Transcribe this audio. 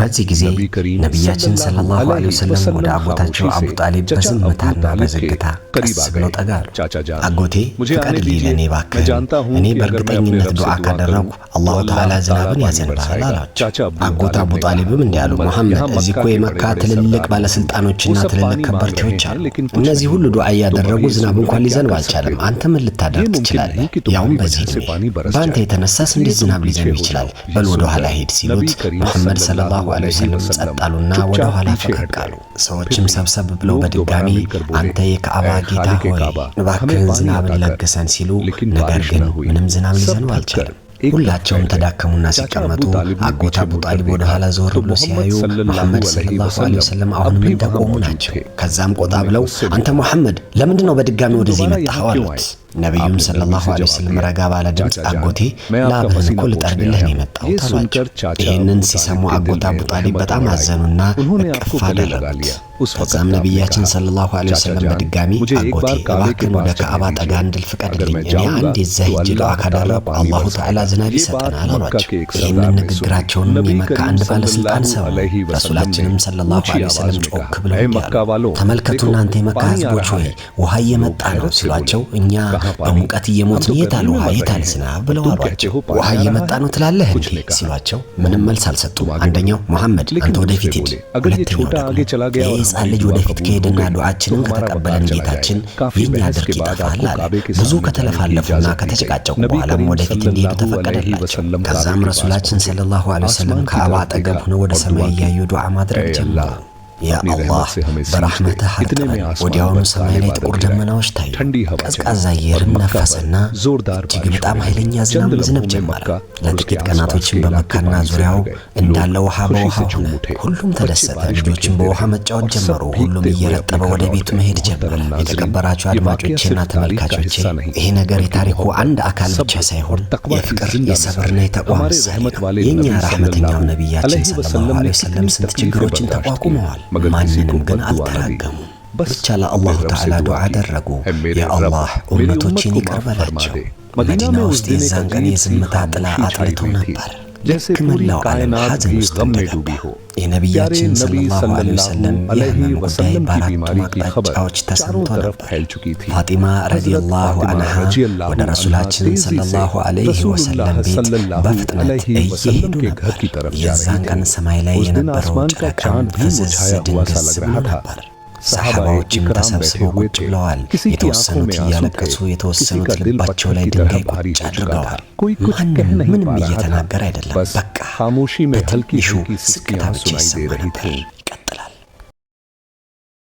በዚህ ጊዜ ነቢያችን ሰለላሁ ዐለይሂ ወሰለም ወደ አጎታቸው አቡ ጣሊብ በዝምታና በዝግታ ቀስ ብለው ጠጋሉ። አጎቴ ፍቀድልኝ፣ ለእኔ እባክህ፣ እኔ በእርግጠኝነት ዱዓ ካደረጉ አላሁ ተዓላ ዝናብን ያዘንባል አሏቸው። አጎት አቡ ጣሊብም እንዲህ አሉ፣ መሐመድ፣ እዚህ እኮ የመካ ትልልቅ ባለሥልጣኖችና ትልልቅ ከበርቴዎች አሉ። እነዚህ ሁሉ ዱዓ እያደረጉ ዝናብ እንኳን ሊዘንብ አልቻለም። አንተ ምን ልታደርግ ትችላለህ? ያውም በዚህ ዕድሜ በአንተ የተነሳስ እንዴት ዝናብ ሊዘንብ ይችላል? በል ወደ ኋላ ሂድ ሲሉት መሐመድ ሰለላሁ ዐለይሂ ወሰለም ጸጥ አሉና ወደ ኋላ ፈቀቅ አሉ። ሰዎችም ሰብሰብ ብለው በድጋሚ አንተ የካዕባ ጌታ ሆይ እባክህን ዝናብን ለግሰን ሲሉ፣ ነገር ግን ምንም ዝናብ ሊዘንብ አልቻለም። ሁላቸውም ተዳከሙና ሲቀመጡ አጎት አቡ ጣሊብ ወደ ኋላ ዞር ብሎ ሲያዩ መሐመድ ሰለላሁ ዐለይሂ ወሰለም አሁንም እንደቆሙ ናቸው። ከዛም ቆጣ ብለው አንተ መሐመድ ለምንድን ነው በድጋሚ ወደዚህ የመጣኸው? አሉት። ነቢዩም ሰለላሁ ዐለይሂ ወሰለም ረጋ ባለ ድምፅ አጎቴ ላብህን እኮ ልጠርግልህ ነው የመጣሁት አሏቸው። ይህንን ሲሰሙ አጎት አቡ ጣሊብ በጣም አዘኑና እቅፍ አደረጉት። ከዛም ነቢያችን ሰለላሁ ዐለይሂ ወሰለም በድጋሚ አጎቴ እባክን ወደ ከአባ ጠጋ እንድል ፍቀድልኝ፣ እኔ አንድ የዛ ሂጅ ዱዓ ካደረጉ አላሁ ተዓላ ዝናብ ይሰጠናል አሏቸው። ይህንን ንግግራቸውን የመካ አንድ ባለሥልጣን ሰማ። ረሱላችንም ሰለላሁ ዐለይሂ ወሰለም ጮክ ብለው ተመልከቱ እናንተ የመካ ህዝቦች ሆይ ውሃ እየመጣ ነው ሲሏቸው እኛ በሙቀት እየሞትን የታል ውሃ የታል ዝናብ ብለው አሏቸው። ውሃ እየመጣ ነው ትላለህ እንዴ ሲሏቸው ምንም መልስ አልሰጡም። አንደኛው መሐመድ አንተ ወደፊት ሂድ፣ ሁለተኛው ደግሞ ይህ ሕፃን ልጅ ወደፊት ከሄደና ዱዓችንን ከተቀበለን ጌታችን የእኛ ድርቅ ይጠፋል አለ። ብዙ ከተለፋለፉና ከተጨቃጨቁ በኋላም ወደፊት እንዲሄዱ ተፈቀደላቸው። ከዛም ረሱላችን ሰለላሁ ዐለይሂ ወሰለም ከአባ አጠገብ ሆነው ወደ ሰማይ እያዩ ዱዓ ማድረግ ጀመሩ። የአላህ አላህ በራሕመትህ አርጥበን። ወዲያውኑ ሰማይ ላይ ጥቁር ደመናዎች ታዩ። ቀዝቃዛ አየርም ነፈሰና እጅግ በጣም ኃይለኛ ዝናብ መዝነብ ጀመረ። ለጥቂት ቀናቶችን በመካና ዙሪያው እንዳለ ውሃ በውሃ ሆነ። ሁሉም ተደሰተ። ልጆችን በውሃ መጫወት ጀመሩ። ሁሉም እየረጠበ ወደ ቤቱ መሄድ ጀመረ። የተከበራችሁ አድማጮቼና ተመልካቾቼ ይሄ ነገር የታሪኩ አንድ አካል ብቻ ሳይሆን የፍቅር የሰብርና የተቋም ምሳሌ የእኛ ራሕመተኛው ነቢያችን ሰለላሁ ዐለይሂ ወሰለም ስንት ችግሮችን ተቋቁመዋል። ማንንም ግን አልተራገሙ። ብቻ ለአላሁ ተዓላ ዱዓ አደረጉ። የአላህ ኡመቶችን ይቅር በላቸው። መዲና ውስጥ የዛን ቀን የዝምታ ጥላ አጥልቶ ነበር። ልክ መላው ዓለም ሐዘን ውስጥ እንደገባ የነቢያችን ሰለላሁ ዐለይሂ ወሰለም የህመም ጉዳይ በአራቱም አቅጣጫዎች ተሰምቶ ነበር። ፋጢማ ረዲየላሁ አንሃ ወደ ረሱላችን ሰለላሁ ዐለይሂ ወሰለም ቤት በፍጥነት እየሄዱ ነበር። የዛን ቀን ሰማይ ላይ የነበረው ጨረቃም ፈዘዝ ድንግዝ ብሎ ነበር። ሰሓባዎችም ተሰብስበው ቁጭ ብለዋል። የተወሰኑት እያለቀሱ፣ የተወሰኑት ልባቸው ላይ ድንጋይ ቁጭ አድርገዋል። ማንም ምንም እየተናገረ አይደለም። በቃ በትንሹ ስቅታ ብቻ ይሰማ ነበር።